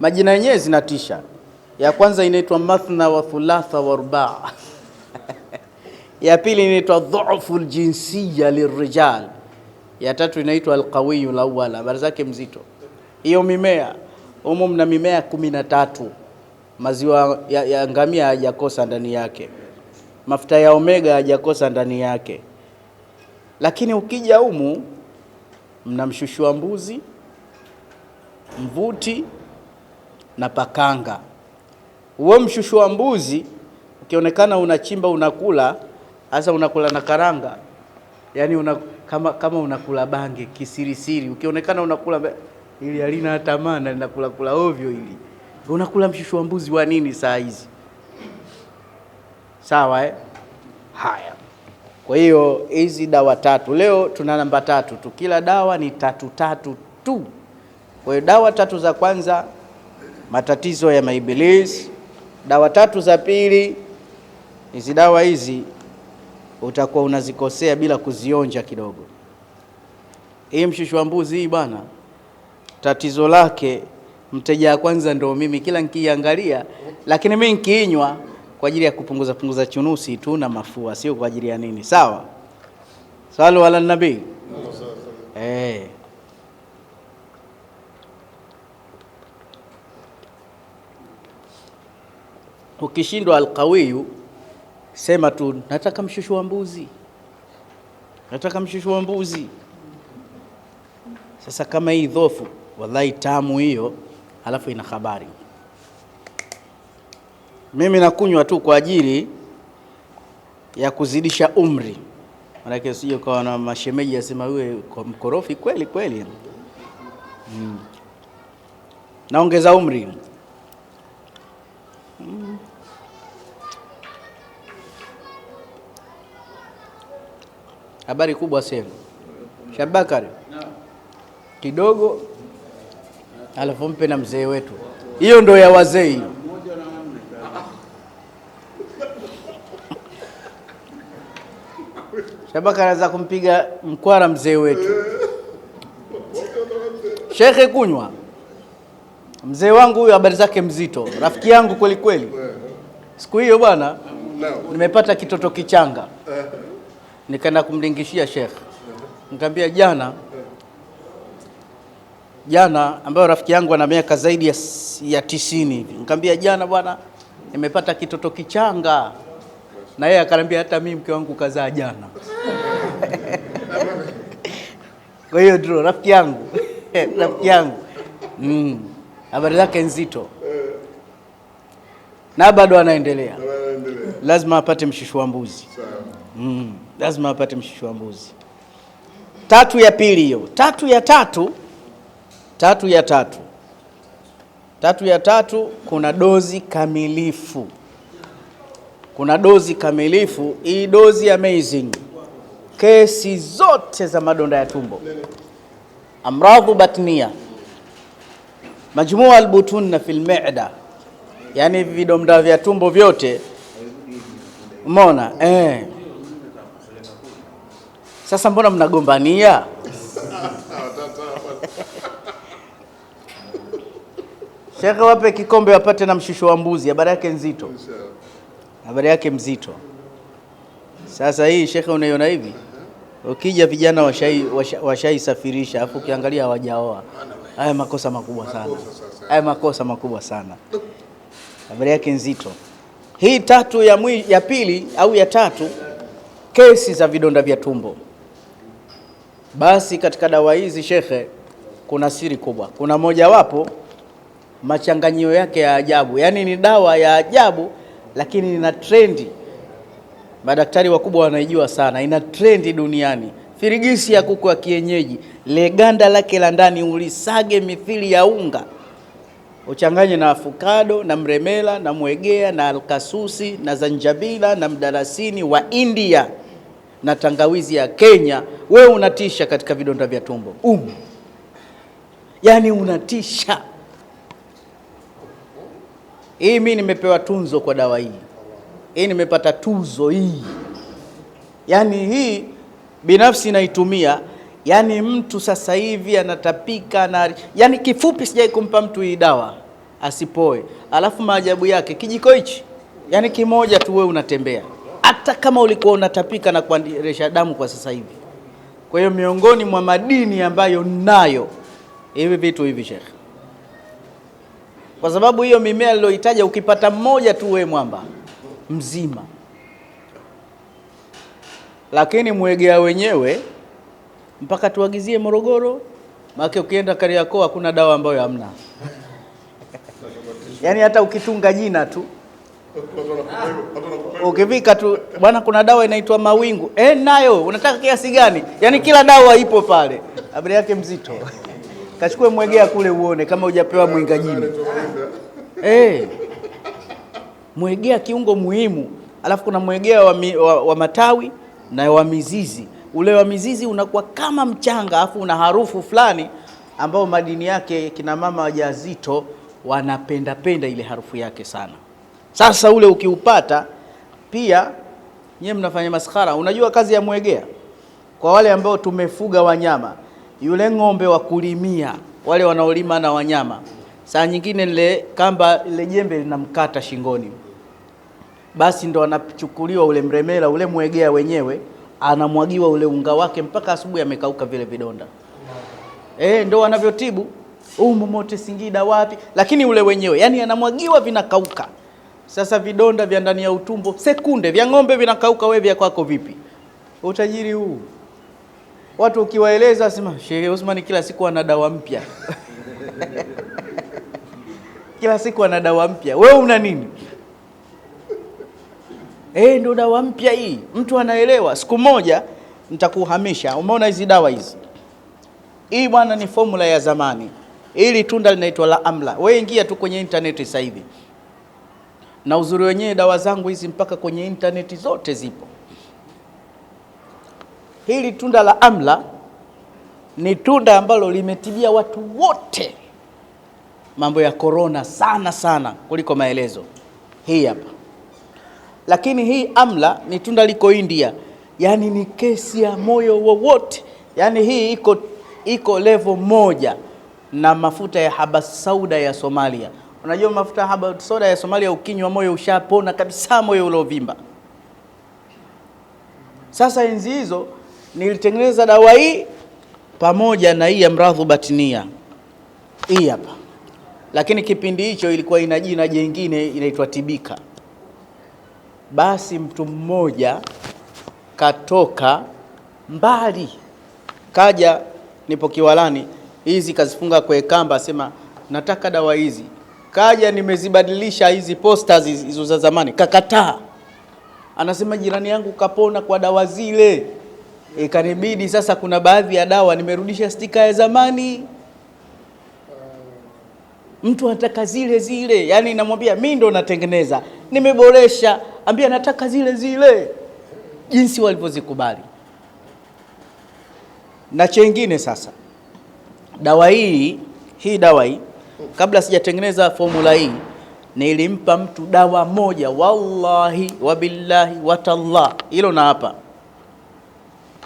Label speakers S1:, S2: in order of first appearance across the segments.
S1: Majina yenyewe zinatisha. Ya kwanza inaitwa mathna wa thulatha wa rubaa ya pili inaitwa dhufu ljinsia lirijal, ya tatu inaitwa alqawiyu lawal, habari zake mzito. Hiyo mimea humo mna mimea kumi na tatu. Maziwa ya, ya ngamia hayajakosa ndani yake, mafuta ya omega hayajakosa ndani yake, lakini ukija humu mnamshushua mbuzi, mvuti na pakanga. Huo mshushu wa mbuzi ukionekana unachimba unakula, hasa unakula na karanga, yaani una, kama, kama unakula bange kisirisiri, ukionekana unakula ili alina hata maana, linakula kula ovyo ili Unakula mshushu wa mbuzi wa nini saa hizi? Sawa eh? Haya, kwa hiyo hizi dawa tatu leo tuna namba tatu tu, kila dawa ni tatu tatu tu. Kwa hiyo dawa tatu za kwanza matatizo ya maibilisi. Dawa tatu za pili, hizi dawa hizi utakuwa unazikosea bila kuzionja kidogo. Hii mshushwa mbuzi hii bwana, tatizo lake mteja wa kwanza ndo mimi, kila nikiangalia, lakini mimi nikiinywa kwa ajili ya kupunguza punguza chunusi tu na mafua, sio kwa ajili ya nini. Sawa, salu ala nabii. Eh. Ukishindwa alqawiyu, sema tu nataka mshushu wa mbuzi, nataka mshushu wa mbuzi. Sasa kama hii dhofu, wallahi tamu hiyo, halafu ina habari. Mimi nakunywa tu kwa ajili ya kuzidisha umri, manake sije kwa na mashemeji asema wewe mkorofi kweli kweli. Hmm. naongeza umri. Mm. Habari kubwa sema Shabakari no. kidogo alafu mpe na mzee wetu, hiyo ndo ya wazee Shabaka anaweza kumpiga mkwara mzee wetu shekhe kunywa Mzee wangu huyu habari zake mzito, rafiki yangu kweli kweli. Siku hiyo bwana, nimepata kitoto kichanga, nikaenda kumlingishia Sheikh, nikamwambia jana jana, ambayo rafiki yangu ana miaka zaidi ya, ya tisini hivi, nikamwambia jana bwana, nimepata kitoto kichanga, na yeye akaniambia hata mimi mke wangu kazaa jana. Kwa hiyo ndio rafiki yangu rafiki yangu mm habari zake nzito na bado anaendelea, lazima apate mshushu wa mbuzi mm, lazima apate mshushu wa mbuzi. Tatu ya pili hiyo, tatu ya tatu, tatu ya tatu, tatu ya tatu, kuna dozi kamilifu, kuna dozi kamilifu. Hii dozi amazing, kesi zote za madonda ya tumbo, amradhu batnia Majmua na fil meda, yani vidomda vya tumbo vyote mona eh. Sasa mbona mnagombania? Shekhe, wape kikombe wapate na mshusho wa mbuzi. Habari yake nzito, habari yake mzito. Sasa hii shekhe, unaiona hivi, ukija vijana washaisafirisha, washai afu ukiangalia hawajaoa Haya makosa makubwa sana, haya makosa makubwa sana. Habari yake nzito hii. Tatu ya, mwi, ya pili au ya tatu, kesi za vidonda vya tumbo. Basi katika dawa hizi shekhe, kuna siri kubwa. Kuna mojawapo machanganyio yake ya ajabu, yaani ni dawa ya ajabu, lakini ina trendi. Madaktari wakubwa wanaijua sana, ina trendi duniani firigisi ya kuku wa kienyeji, leganda lake la ndani ulisage mithili ya unga, uchanganye na afukado na mremela na mwegea na alkasusi na zanjabila na mdalasini wa India na tangawizi ya Kenya. Wewe unatisha katika vidonda vya tumbo umu, yani unatisha. Hii mi nimepewa tunzo kwa dawa hii, hii nimepata tuzo hii, yani hii binafsi naitumia yani, mtu sasa hivi anatapika na yani, kifupi sijai kumpa mtu hii dawa asipoe, alafu maajabu yake kijiko hichi yani kimoja tu, wewe unatembea hata kama ulikuwa unatapika na kuandirisha damu kwa sasa hivi. Kwa hiyo miongoni mwa madini ambayo nayo hivi vitu hivi shekhe, kwa sababu hiyo mimea liloitaja ukipata mmoja tu, wewe mwamba mzima lakini mwegea wenyewe mpaka tuagizie Morogoro, maana ukienda Kariakoo hakuna dawa ambayo hamna. Yaani hata ukitunga jina tu ukivika tu bwana, kuna dawa inaitwa mawingu e, nayo unataka kiasi gani? Yaani kila dawa ipo pale, habari yake mzito. Kachukue mwegea kule uone kama hujapewa mwinga jini. E, eh. mwegea kiungo muhimu, alafu kuna mwegea wa, wa, wa matawi na wa mizizi. Ule wa mizizi unakuwa kama mchanga, afu una harufu fulani ambayo madini yake kina mama wanapenda wanapendapenda ile harufu yake sana. Sasa ule ukiupata pia nyewe mnafanya maskhara. Unajua kazi ya mwegea, kwa wale ambao tumefuga wanyama, yule ng'ombe wa kulimia, wale wanaolima na wanyama, saa nyingine ile kamba ile jembe linamkata shingoni basi ndo anachukuliwa ule mremela ule mwegea wenyewe anamwagiwa ule unga wake mpaka asubuhi amekauka vile vidonda e, ndo wanavyotibu umomote Singida wapi, lakini ule wenyewe yani anamwagiwa vinakauka. Sasa vidonda vya ndani ya utumbo sekunde, vya ng'ombe vinakauka, wewe vya kwako vipi? Utajiri huu watu ukiwaeleza, sema Sheikh Osman kila siku ana dawa mpya kila siku ana dawa mpya, wewe una nini? eh, ndio dawa mpya hii, mtu anaelewa. Siku moja nitakuhamisha. Umeona hizi dawa hizi, hii bwana ni formula ya zamani. Hili tunda linaitwa la amla. Wewe ingia tu kwenye intaneti sasa hivi, na uzuri wenyewe dawa zangu hizi mpaka kwenye intaneti zote zipo. Hili tunda la amla ni tunda ambalo limetibia watu wote mambo ya korona sana sana kuliko maelezo. Hii hapa lakini hii amla ni tunda liko India, yaani ni kesi ya moyo wowote, yaani hii iko, iko levo moja na mafuta ya habasauda ya Somalia. Unajua mafuta ya sauda ya Somalia, ukinywa moyo ushapona kabisa, moyo uliovimba. Sasa enzi hizo nilitengeneza dawa hii pamoja na hii ya mradhu batinia hii hapa, lakini kipindi hicho ilikuwa ina jina jingine inaitwa Tibika basi mtu mmoja katoka mbali kaja, nipo Kiwalani, hizi kazifunga kwa kamba, asema nataka dawa hizi. Kaja nimezibadilisha hizi posters hizo za zamani, kakataa. Anasema jirani yangu kapona kwa dawa zile. Ikanibidi e, sasa, kuna baadhi ya dawa nimerudisha stika ya zamani, mtu anataka zile zile, yaani namwambia mimi ndo natengeneza, nimeboresha ambia nataka zile zile, jinsi walivyozikubali. Na chengine sasa, dawa hii hii dawa hii, kabla sijatengeneza formula hii nilimpa mtu dawa moja, wallahi wabillahi watallah, hilo na hapa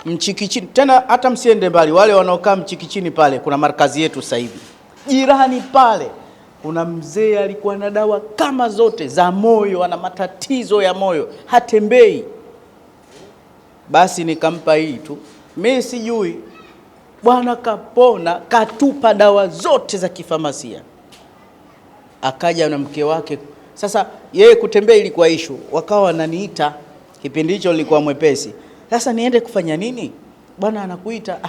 S1: Mchikichini. Tena hata msiende mbali, wale wanaokaa Mchikichini pale kuna markazi yetu sasa hivi jirani pale kuna mzee alikuwa na dawa kama zote za moyo, ana matatizo ya moyo, hatembei. Basi nikampa hii tu, mimi sijui bwana. Kapona, katupa dawa zote za kifamasia. Akaja na mke wake. Sasa yeye kutembea ilikuwa ishu, wakawa wananiita kipindi hicho nilikuwa mwepesi. Sasa niende kufanya nini? Bwana anakuita. Ah,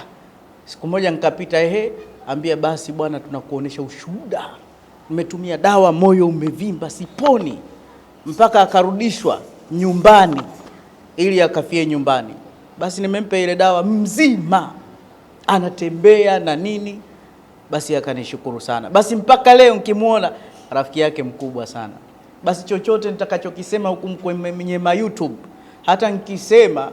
S1: siku moja nikapita, ehe, ambia basi bwana, tunakuonesha ushuhuda mmetumia dawa, moyo umevimba, siponi, mpaka akarudishwa nyumbani ili akafie nyumbani. Basi nimempa ile dawa mzima, anatembea na nini, basi akanishukuru sana. Basi mpaka leo nkimwona rafiki yake mkubwa sana. Basi chochote nitakachokisema huku kwenye ma YouTube, hata nikisema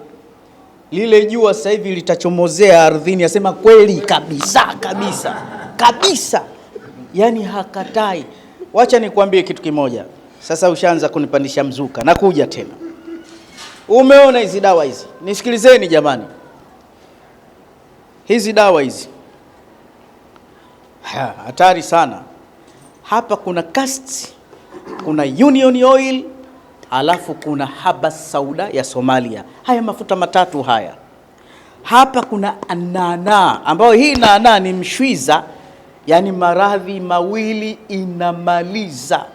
S1: lile jua sasa hivi litachomozea ardhini, asema kweli kabisa kabisa kabisa yani hakatai. Wacha nikwambie kitu kimoja sasa, ushaanza kunipandisha mzuka, nakuja tena. Umeona hizi dawa hizi, nisikilizeni jamani, hizi dawa hizi hatari sana. Hapa kuna cast, kuna Union Oil alafu kuna haba sauda ya Somalia. Haya mafuta matatu haya hapa kuna nana, ambayo hii nana ni mshwiza yaani maradhi mawili inamaliza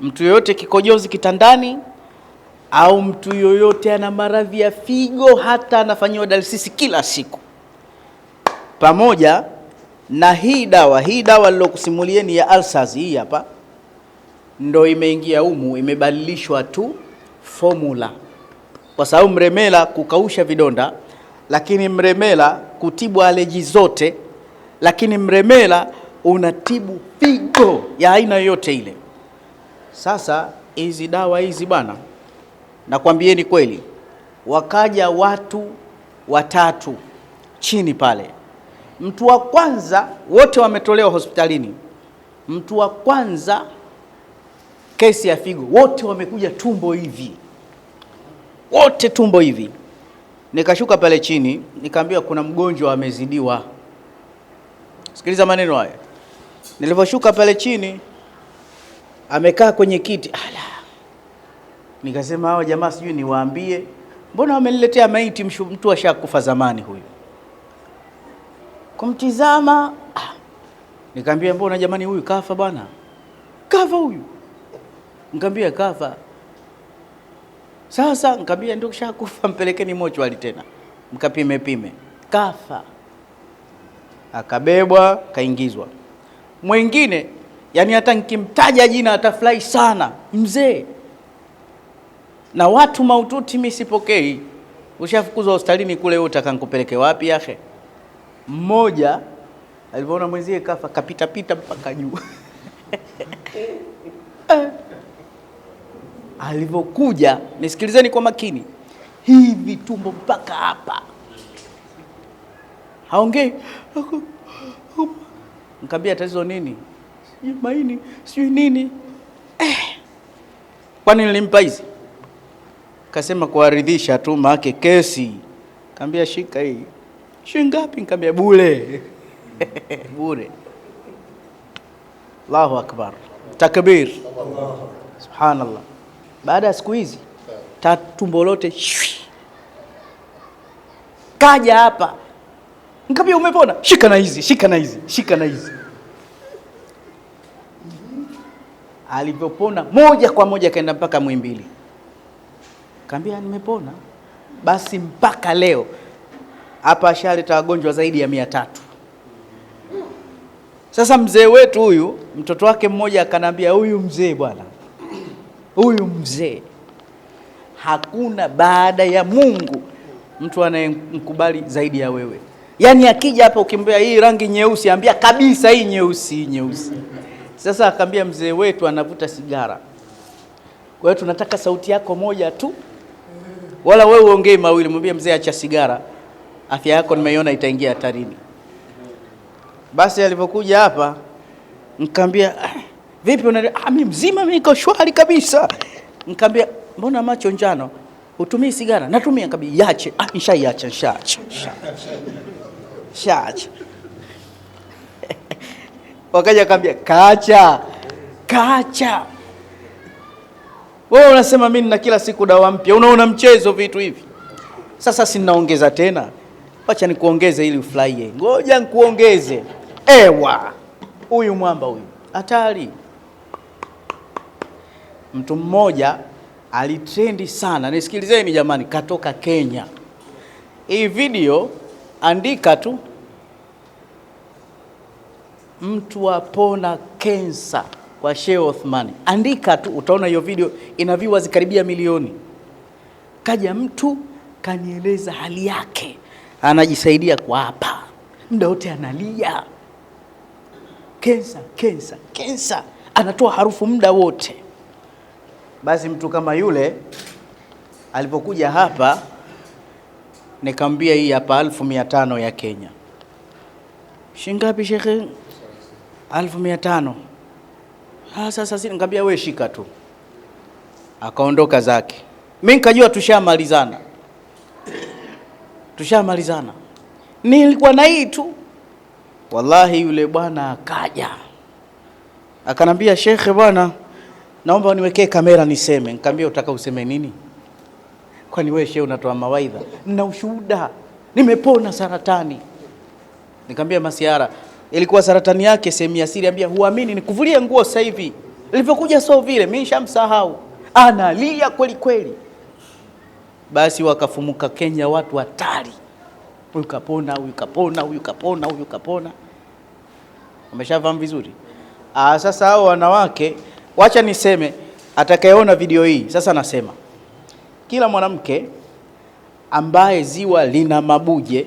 S1: mtu yoyote kikojozi kitandani au mtu yoyote ana maradhi ya figo hata anafanyiwa dalisisi kila siku, pamoja na hii dawa hii dawa nilokusimulieni ya ulcers, hii hapa ndo imeingia humu, imebadilishwa tu formula, kwa sababu mremela kukausha vidonda, lakini mremela kutibu aleji zote lakini mremela unatibu figo ya aina yoyote ile. Sasa hizi dawa hizi bana nakwambieni kweli, wakaja watu watatu chini pale. Mtu wa kwanza, wote wametolewa hospitalini. Mtu wa kwanza kesi ya figo, wote wamekuja tumbo hivi, wote tumbo hivi. Nikashuka pale chini, nikaambiwa kuna mgonjwa amezidiwa Sikiliza maneno haya, nilivoshuka pale chini amekaa kwenye kiti ala, nikasema hawa jamaa sijui niwaambie, mbona wameniletea maiti, mtu ashakufa zamani huyu. Kumtizama ah, nikamwambia mbona jamani, huyu kafa bwana, kafa huyu. Nikamwambia kafa. Sasa nikamwambia ndio, shakufa mpelekeni mochwali tena mkapime pime, kafa akabebwa kaingizwa. Mwingine yani hata nikimtaja jina atafurahi sana, mzee na watu maututi, mimi sipokei. Ushafukuzwa hospitalini kule, wewe utaka nikupeleke wapi Ahe, Mmoja alivyoona mwenzie kafa, kapita pita mpaka juu alivyokuja, nisikilizeni kwa makini, hivi tumbo mpaka hapa haongei. Nikamwambia tatizo nini? Sijui maini, sijui nini eh. Kwani nilimpa hizi? Kasema kuaridhisha tu, maake kesi. Kaambia shika hii. Shilingi ngapi? Nikamwambia bure bure. Allahu akbar, takbir, subhanallah. Baada ya siku hizi tumbo lote kaja hapa Nikamwambia umepona? Shika na hizi, shika na hizi, shika na hizi. Alivyopona moja kwa moja akaenda mpaka Mwimbili. Kaambia nimepona. Basi mpaka leo hapa ashaleta wagonjwa zaidi ya mia tatu. Sasa mzee wetu huyu, mtoto wake mmoja akanambia, huyu mzee bwana, huyu mzee hakuna baada ya Mungu mtu anayemkubali zaidi ya wewe. Yaani akija hapa ukimbea hii rangi nyeusi, ambia kabisa hii nyeusi, nyeusi. Sasa akaambia mzee wetu anavuta sigara, kwa hiyo tunataka sauti yako moja tu, wala wewe uongee mawili. Mwambie mzee, acha sigara, afya yako nimeiona itaingia hatarini. Basi alipokuja hapa nikaambia, ah, vipi una ah, mimi mzima, mimi niko shwari kabisa. Nikamwambia mbona macho njano, Utumii sigara? Natumia kabisa. Yache, ah, nishaiacha, nishaacha, nishaacha shacha. Wakaja akaambia kacha kacha. wewe unasema mimi nina kila siku dawa mpya, unaona mchezo vitu hivi. Sasa si ninaongeza tena, wacha nikuongeze ili ufurahie. Ngoja nikuongeze. Ewa, huyu mwamba huyu hatari. Mtu mmoja alitrendi sana, nisikilizeni jamani, katoka Kenya. Hii video andika tu mtu apona kensa kwa Sheikh Othmani. Andika tu utaona hiyo video ina viewers karibia milioni. Kaja mtu kanieleza hali yake, anajisaidia kwa hapa, muda wote analia kensa, kensa, kensa, anatoa harufu muda wote. Basi mtu kama yule alipokuja hapa nikamwambia, hii hapa elfu mia tano ya Kenya. Shingapi shekhe? elfu mia tano ah, sasa sina. Nikamwambia we shika tu, akaondoka zake. mi nikajua tushamalizana, tushamalizana. Nilikuwa na hii tu, wallahi. Yule bwana akaja akanambia, shekhe bwana, naomba niwekee kamera niseme. Nikamwambia utaka useme nini? Kwani wewe shehe unatoa mawaidha? Nina ushuhuda, nimepona saratani. nikaambia masiara ilikuwa saratani yake sehemu ya siri, ambia huamini, nikuvulie nguo sasa hivi. Ilivyokuja sio vile, mimi nishamsahau, analia kweli kweli. Basi wakafumuka Kenya watu hatari, huyu kapona, huyu kapona, huyu kapona, huyu kapona. Umeshafahamu vizuri. Ah, sasa hao wanawake, wacha niseme, atakayeona video hii sasa, nasema kila mwanamke ambaye ziwa lina mabuje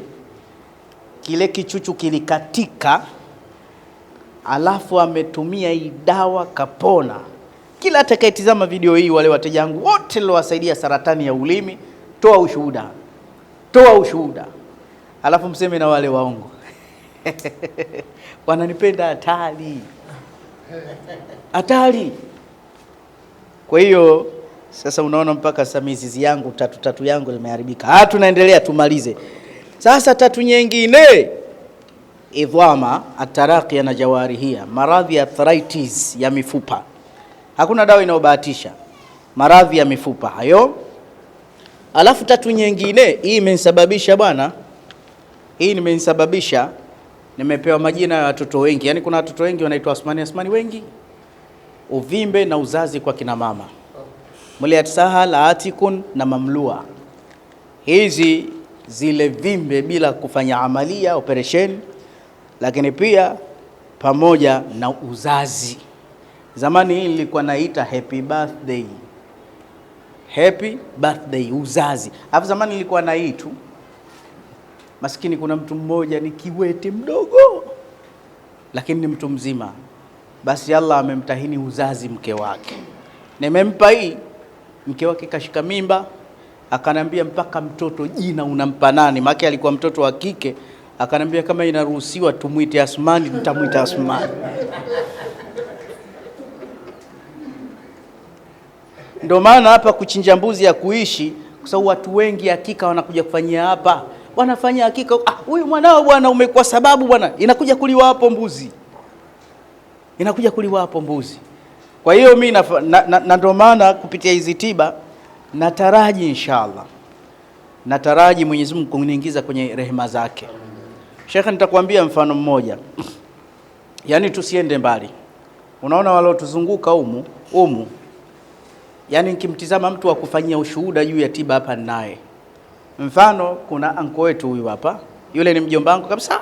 S1: kile kichuchu kilikatika, alafu ametumia hii dawa kapona. Kila atakayetizama video hii, wale wateja wangu wote niliowasaidia saratani ya ulimi, toa ushuhuda, toa ushuhuda, alafu mseme na wale waongo wananipenda hatari hatari. Kwa hiyo sasa unaona mpaka sasa mizizi yangu tatu tatu yangu zimeharibika. Ah, tunaendelea tumalize. Sasa tatu nyingine idhama atarakia na jawarihia, maradhi ya arthritis ya mifupa. Hakuna dawa inayobahatisha maradhi ya mifupa hayo. Alafu tatu nyingine hii imenisababisha bwana, hii nimenisababisha, nimepewa majina ya watoto wengi. Yani kuna watoto wengi wanaitwa Asmani Asmani wengi. Uvimbe na uzazi kwa kina mama, mliatsaha laatikun na mamlua hizi zile vimbe bila kufanya amalia operation, lakini pia pamoja na uzazi. Zamani hii nilikuwa naita happy birthday, happy birthday uzazi. Alafu zamani nilikuwa na tu maskini. Kuna mtu mmoja ni kiwete mdogo, lakini ni mtu mzima. Basi Allah amemtahini uzazi mke wake, nimempa hii, mke wake kashika mimba akanambia mpaka mtoto jina unampa nani? Maana alikuwa mtoto wa kike, akanambia kama inaruhusiwa tumwite Asmani, nitamwita Asmani. Ndio maana hapa kuchinja mbuzi ya kuishi, kwa sababu watu wengi hakika wanakuja kufanyia hapa, wanafanya hakika, ah, huyu mwanao bwana, umekuwa sababu bwana, inakuja kuliwa hapo mbuzi, inakuja kuliwa hapo mbuzi. Kwa hiyo mimi na, na, na ndio maana kupitia hizi tiba nataraji inshallah, nataraji Mwenyezi Mungu kuniingiza kwenye rehema zake. Shekhe, nitakwambia mfano mmoja yaani tusiende mbali. Unaona walotuzunguka umu umu, yaani nikimtizama mtu wa kufanyia ushuhuda juu ya tiba hapa ninaye. Mfano kuna anko wetu huyu hapa, yule ni mjomba wangu kabisa.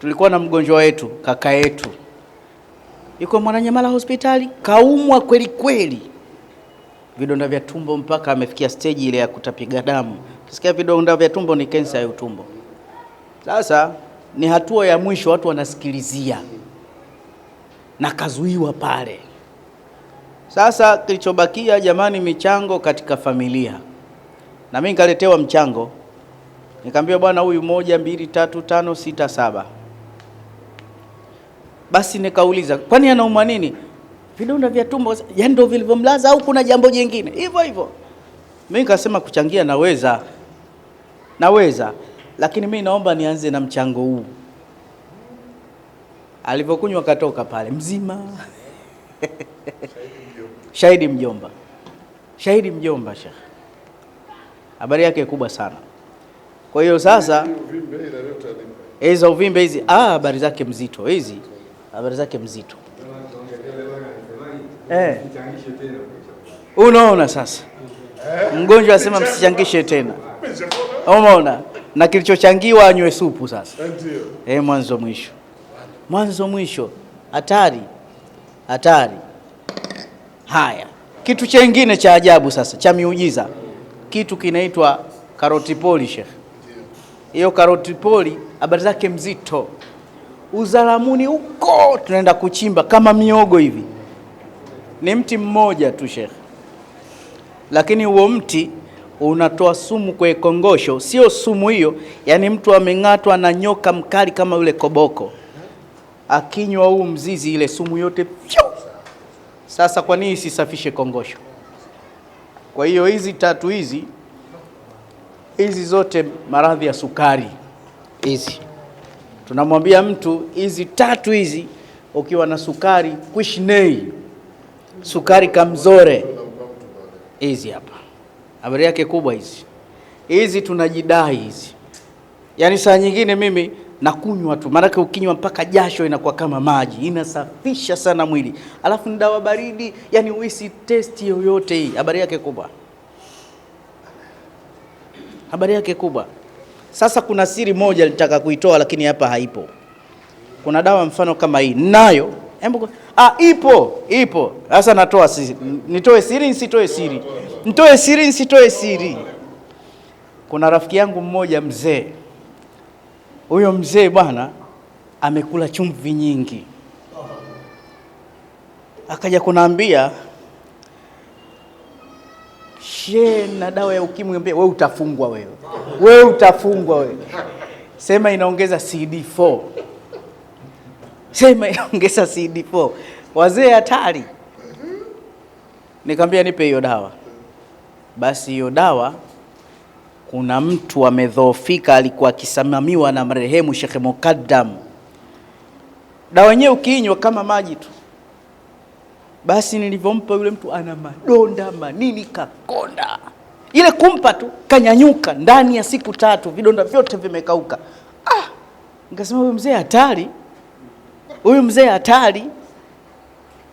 S1: Tulikuwa na mgonjwa wetu kaka yetu, yuko Mwananyamala hospitali, kaumwa kweli kweli vidonda vya tumbo mpaka amefikia stage ile ya kutapiga damu. Kisikia vidonda vya tumbo ni kensa ya utumbo. Sasa ni hatua ya mwisho, watu wanasikilizia na kazuiwa pale. Sasa kilichobakia jamani, michango katika familia, na mimi nikaletewa mchango nikaambiwa, bwana, huyu moja, mbili, tatu, tano, sita, saba. Basi nikauliza kwani anaumwa nini? vidonda vya tumbo, ya yaani ndio vilivyomlaza au kuna jambo jingine? Hivyo hivyo mimi nikasema kuchangia naweza, naweza, lakini mimi naomba nianze na mchango huu. Alivyokunywa katoka pale mzima shahidi mjomba, shahidi mjomba, shekh, habari yake kubwa sana. Kwa hiyo sasa hizo uvimbe hizi, ah, habari zake mzito hizi, habari zake mzito eh. Unaona sasa mgonjwa asema msichangishe tena, umeona na kilichochangiwa anywe supu sasa eh, mwanzo mwisho, mwanzo mwisho, hatari hatari. Haya, kitu chengine cha ajabu sasa cha miujiza, kitu kinaitwa karoti poli. Shekhe, hiyo karoti poli habari zake mzito, uzalamuni huko tunaenda kuchimba kama miogo hivi ni mti mmoja tu shekhe lakini huo mti unatoa sumu kwa kongosho. Sio sumu hiyo, yaani mtu ameng'atwa na nyoka mkali kama yule koboko, akinywa huu mzizi, ile sumu yote pyo. Sasa kwa nini sisafishe kongosho? Kwa hiyo hizi tatu hizi hizi zote maradhi ya sukari hizi, tunamwambia mtu hizi tatu hizi, ukiwa na sukari kwishnei sukari kamzore. Hizi hapa habari yake kubwa hizi hizi, tunajidai hizi. Yaani saa nyingine mimi nakunywa tu, maanake ukinywa mpaka jasho inakuwa kama maji, inasafisha sana mwili, alafu ni dawa baridi, yani uisi testi yoyote hii. Habari yake kubwa, habari yake kubwa. Sasa kuna siri moja nitaka kuitoa, lakini hapa haipo. Kuna dawa mfano kama hii nayo Hebu ah, ipo ipo. Sasa natoa siri, nitoe siri nsitoe siri, nitoe siri nsitoe siri. Kuna rafiki yangu mmoja mzee, huyo mzee bwana amekula chumvi nyingi, akaja kunaambia she na dawa ya ukimwi, we utafungwa, wewe wewe utafungwa, wewe sema inaongeza CD4 sema inaongeza CD4. Wazee hatari. Nikamwambia nipe hiyo dawa. Basi hiyo dawa kuna mtu amedhoofika, alikuwa akisimamiwa na marehemu Sheikh Mukaddam. Dawa yenyewe ukiinywa kama maji tu. Basi nilivyompa yule mtu, ana madonda manini, kakonda ile kumpa tu kanyanyuka, ndani ya siku tatu vidonda vyote vimekauka. Ah, nikasema huyu mzee hatari huyu mzee hatari.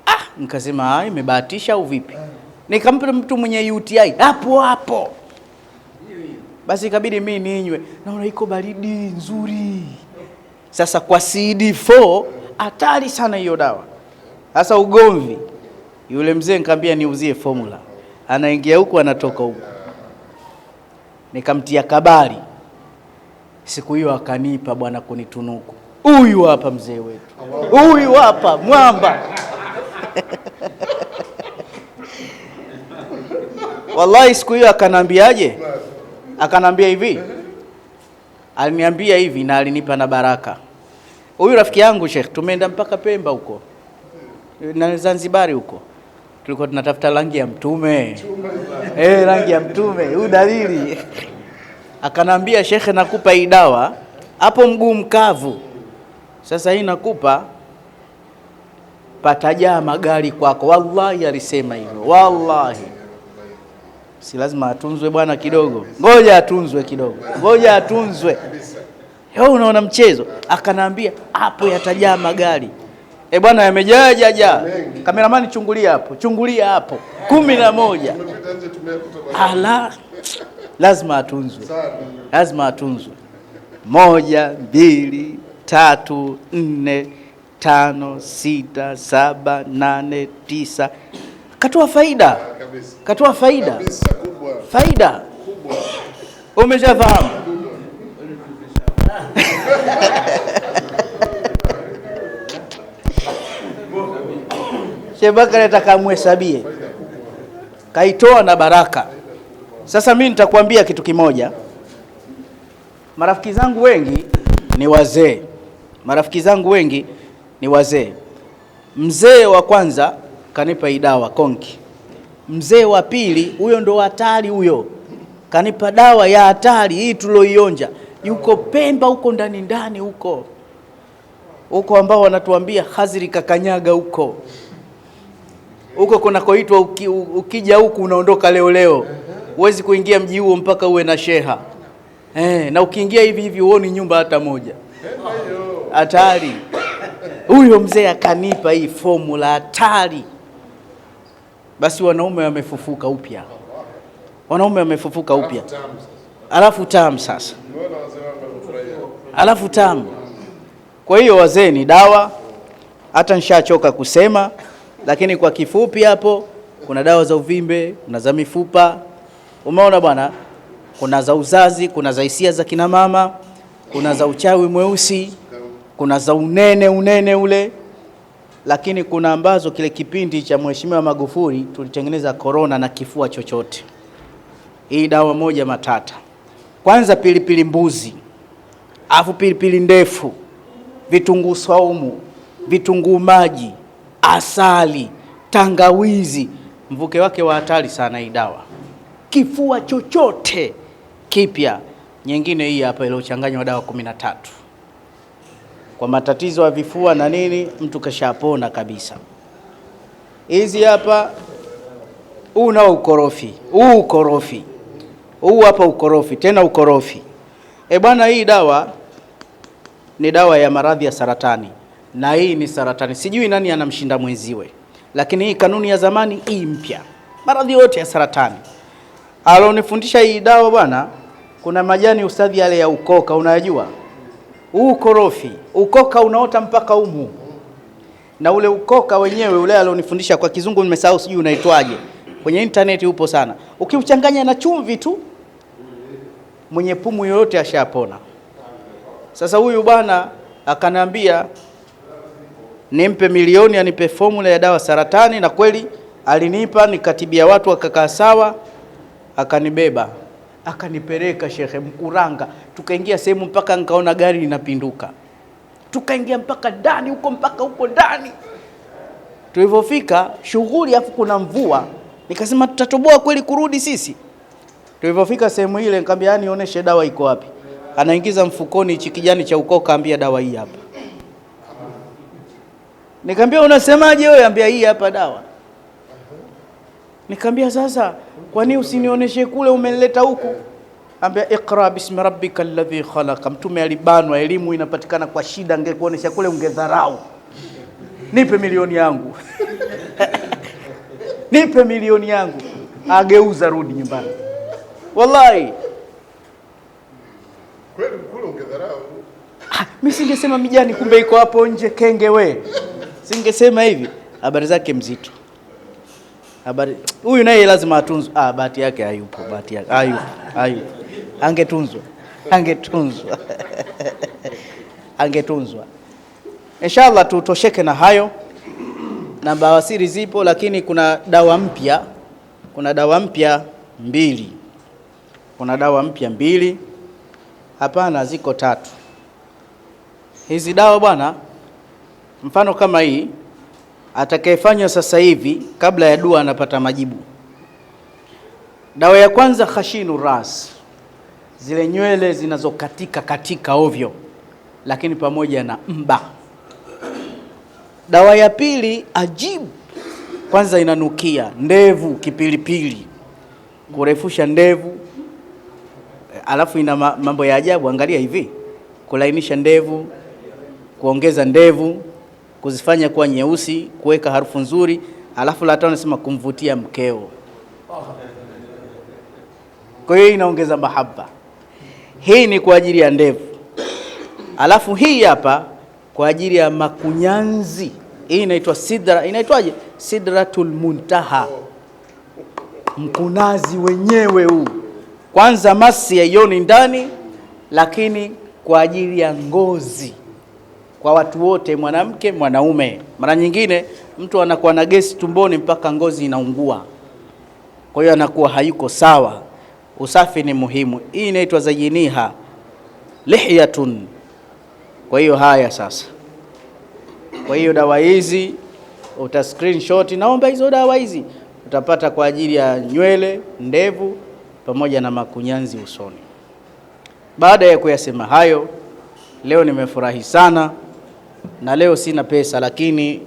S1: Ah, nikasema imebahatisha au vipi? Nikampa mtu mwenye UTI hapo hapo, basi ikabidi mi ninywe, naona iko baridi nzuri. Sasa kwa CD4 hatari sana hiyo dawa. Sasa ugomvi, yule mzee nikamwambia niuzie formula, anaingia huku anatoka huku, nikamtia kabari. Siku hiyo akanipa bwana kunitunuku. Huyu hapa mzee wetu, huyu hapa mwamba wallahi. Siku hiyo akanambiaje? Akanambia hivi, aliniambia hivi na alinipa na baraka. Huyu rafiki yangu Sheikh, tumeenda mpaka Pemba huko na Zanzibari huko, tulikuwa tunatafuta rangi ya mtume eh, rangi ya mtume huyu dalili. Akanambia Sheikh, nakupa hii dawa hapo mguu mkavu sasa hii nakupa patajaa magari kwako. Wallahi alisema hivyo, wallahi. Si lazima atunzwe bwana kidogo, ngoja atunzwe kidogo, ngoja atunzwe. Yo, unaona mchezo. Akanaambia hapo yatajaa magari. E bwana, yamejaa jaja. Kameramani, chungulia hapo, chungulia hapo, kumi na moja. Ala, lazima atunzwe, lazima atunzwe. Moja, mbili tatu, nne, tano, sita, saba, nane, tisa. Katoa faida, katoa faida, faida. Umeshafahamu? Shebakari atakamhesabie kaitoa na baraka. Sasa mimi nitakwambia kitu kimoja, marafiki zangu wengi ni wazee Marafiki zangu wengi ni wazee. Mzee wa kwanza kanipa hii dawa konki, mzee wa pili huyo ndo hatari, huyo kanipa dawa ya hatari hii tuloionja, yuko Pemba huko ndani ndani huko huko, ambao wanatuambia Haziri kakanyaga huko huko kunakoitwa uki, ukija huku unaondoka leo leo, huwezi kuingia mji huo mpaka uwe na sheha eh, na ukiingia hivi hivi huoni nyumba hata moja hatari. Huyo mzee akanipa hii fomula hatari. Basi wanaume wamefufuka upya, wanaume wamefufuka upya, alafu tamu sasa, alafu tamu. Kwa hiyo wazee ni dawa, hata nishachoka kusema, lakini kwa kifupi hapo kuna dawa za uvimbe, kuna za mifupa, umeona bwana, kuna za uzazi, kuna za hisia za kinamama, kuna za uchawi mweusi kuna za unene unene ule, lakini kuna ambazo kile kipindi cha Mheshimiwa Magufuli tulitengeneza korona na kifua chochote. Hii dawa moja matata, kwanza pilipili mbuzi, afu pilipili ndefu, vitunguu saumu, vitunguu maji, asali, tangawizi. Mvuke wake wa hatari sana hii dawa, kifua chochote kipya. Nyingine hii hapa iliyochanganywa dawa kumi na tatu kwa matatizo ya vifua na nini, mtu kashapona kabisa. Hizi hapa, huu na ukorofi, huu ukorofi, huu hapa ukorofi, tena ukorofi. E bwana, hii dawa ni dawa ya maradhi ya saratani, na hii ni saratani. Sijui nani anamshinda mwenziwe, lakini hii kanuni ya zamani, hii mpya, maradhi yote ya saratani. Alonifundisha hii dawa bwana, kuna majani ustadhi yale ya ukoka, unayajua huu korofi, ukoka unaota mpaka umu, na ule ukoka wenyewe ule alionifundisha kwa kizungu nimesahau, sijui unaitwaje, kwenye intaneti upo sana. Ukiuchanganya na chumvi tu, mwenye pumu yoyote ashapona. Sasa huyu bwana akaniambia nimpe milioni anipe formula ya dawa saratani, na kweli alinipa, nikatibia watu akakaa sawa, akanibeba akanipeleka shekhe Mkuranga, tukaingia sehemu mpaka nikaona gari linapinduka, tukaingia mpaka ndani huko mpaka huko ndani. Tulivyofika shughuli, afu kuna mvua, nikasema tutatoboa kweli kurudi sisi? Tulivyofika sehemu ile, nikamwambia yaani, oneshe dawa iko wapi. Anaingiza mfukoni hichi kijani cha ukoka, kaambia dawa hii hapa. Nikamwambia unasemaje wewe? Ambia hii hapa dawa. Nikamwambia sasa nini usinionyeshe kule umeleta huku? Ambia iqra bismi rabbika alladhi khalaq. Mtume alibanwa, elimu inapatikana kwa shida. Ngekuonesha kule ungedharau. Nipe milioni yangu nipe milioni yangu, ageuza rudi nyumbani. Wallahi
S2: kweli kule ungedharau.
S1: mimi ah, singesema mijani, kumbe iko hapo nje kenge. We singesema hivi, habari zake mzito habari huyu naye lazima atunzwe. Ah, bahati yake hayupo, bahati yake hayupo, hayupo. Angetunzwa, angetunzwa, angetunzwa. Inshallah tutosheke na hayo, na bawasiri zipo, lakini kuna dawa mpya, kuna dawa mpya mbili, kuna dawa mpya mbili. Hapana, ziko tatu hizi dawa bwana, mfano kama hii atakayefanywa sasa hivi kabla ya dua anapata majibu. Dawa ya kwanza, khashinu ras, zile nywele zinazokatika katika ovyo, lakini pamoja na mba. Dawa ya pili, ajibu, kwanza inanukia, ndevu kipilipili, kurefusha ndevu, alafu ina mambo ya ajabu. Angalia hivi, kulainisha ndevu, kuongeza ndevu kuzifanya kuwa nyeusi, kuweka harufu nzuri, alafu la tano nasema kumvutia mkeo. Kwa hiyo inaongeza mahaba. Hii ni kwa ajili ya ndevu, alafu hii hapa kwa ajili ya makunyanzi. Hii inaitwa sidra, inaitwaje? Sidratul muntaha, mkunazi wenyewe huu. Kwanza masi yaioni ndani, lakini kwa ajili ya ngozi kwa watu wote, mwanamke, mwanaume. Mara nyingine mtu anakuwa na gesi tumboni mpaka ngozi inaungua, kwa hiyo anakuwa hayuko sawa. Usafi ni muhimu. Hii inaitwa zayiniha lihyatun. Kwa hiyo haya sasa, kwa hiyo dawa hizi uta screenshot, naomba hizo dawa hizi utapata kwa ajili ya nywele, ndevu pamoja na makunyanzi usoni. Baada ya kuyasema hayo, leo nimefurahi sana na leo sina pesa, lakini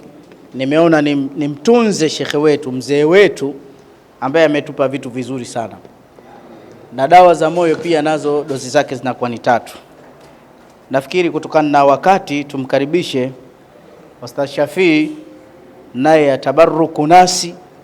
S1: nimeona nimtunze shekhe wetu mzee wetu ambaye ametupa vitu vizuri sana, na dawa za moyo pia nazo dozi zake zinakuwa ni tatu. Nafikiri kutokana na wakati tumkaribishe Ustadh Shafii naye atabaruku nasi